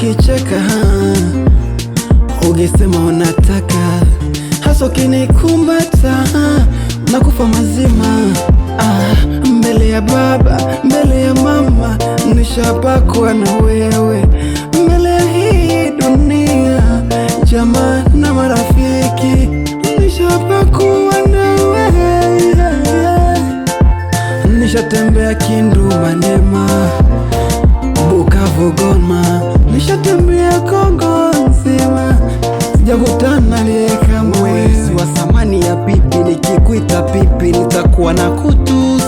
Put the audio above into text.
ukicheka, ukisema unataka hasa, ukinikumata na kufa mazima ah, mbele ya baba, mbele ya mama, nishapakwa na wewe, mbele ya hii dunia, jamaa na marafiki, nishapakwa na wewe, nishatembea kindumanema Nishatembea Kongo nzima, sijakutana lieka kamwe. Mwezi wa thamani ya pipi, nikikuita pipi nitakuwa na kutu